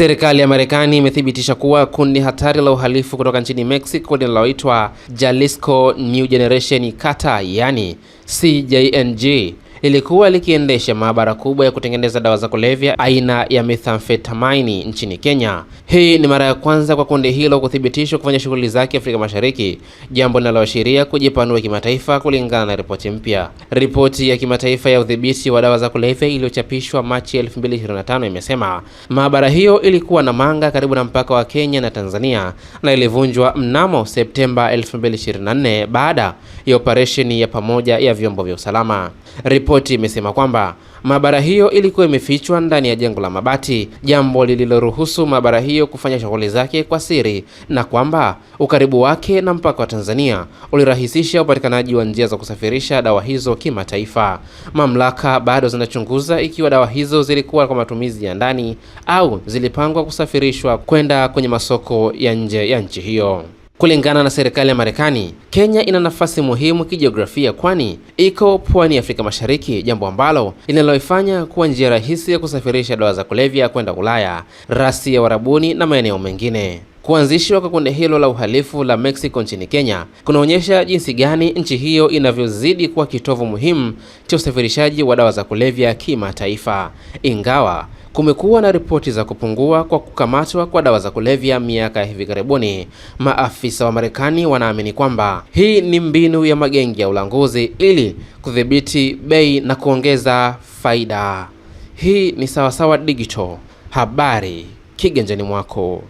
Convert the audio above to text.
Serikali ya Marekani imethibitisha kuwa kundi hatari la uhalifu kutoka nchini Mexico linaloitwa Jalisco New Generation Cartel, yani CJNG lilikuwa likiendesha maabara kubwa ya kutengeneza dawa za kulevya aina ya methamphetamine nchini Kenya. Hii ni mara ya kwanza kwa kundi hilo kuthibitishwa kufanya shughuli zake Afrika Mashariki, jambo linaloashiria kujipanua kimataifa kulingana na ripoti mpya. Ripoti ya kimataifa ya udhibiti wa dawa za kulevya iliyochapishwa Machi 2025 imesema maabara hiyo ilikuwa na manga karibu na mpaka wa Kenya na Tanzania na ilivunjwa mnamo Septemba 2024 baada ya operesheni ya pamoja ya vyombo vya usalama. Ripoti Ripoti imesema kwamba maabara hiyo ilikuwa imefichwa ndani ya jengo la mabati, jambo lililoruhusu maabara hiyo kufanya shughuli zake kwa siri, na kwamba ukaribu wake na mpaka wa Tanzania ulirahisisha upatikanaji wa njia za kusafirisha dawa hizo kimataifa. Mamlaka bado zinachunguza ikiwa dawa hizo zilikuwa kwa matumizi ya ndani au zilipangwa kusafirishwa kwenda kwenye masoko ya nje ya nchi hiyo. Kulingana na serikali ya Marekani, Kenya ina nafasi muhimu kijiografia, kwani iko pwani ya Afrika Mashariki, jambo ambalo linaloifanya kuwa njia rahisi ya kusafirisha dawa za kulevya kwenda Ulaya, rasi ya Warabuni na maeneo mengine. Kuanzishwa kwa kundi hilo la uhalifu la Mexico nchini Kenya kunaonyesha jinsi gani nchi hiyo inavyozidi kuwa kitovu muhimu cha usafirishaji wa dawa za kulevya kimataifa. Ingawa kumekuwa na ripoti za kupungua kwa kukamatwa kwa dawa za kulevya miaka ya hivi karibuni, maafisa wa Marekani wanaamini kwamba hii ni mbinu ya magengi ya ulanguzi ili kudhibiti bei na kuongeza faida. Hii ni Sawasawa Digital, habari kiganjani mwako.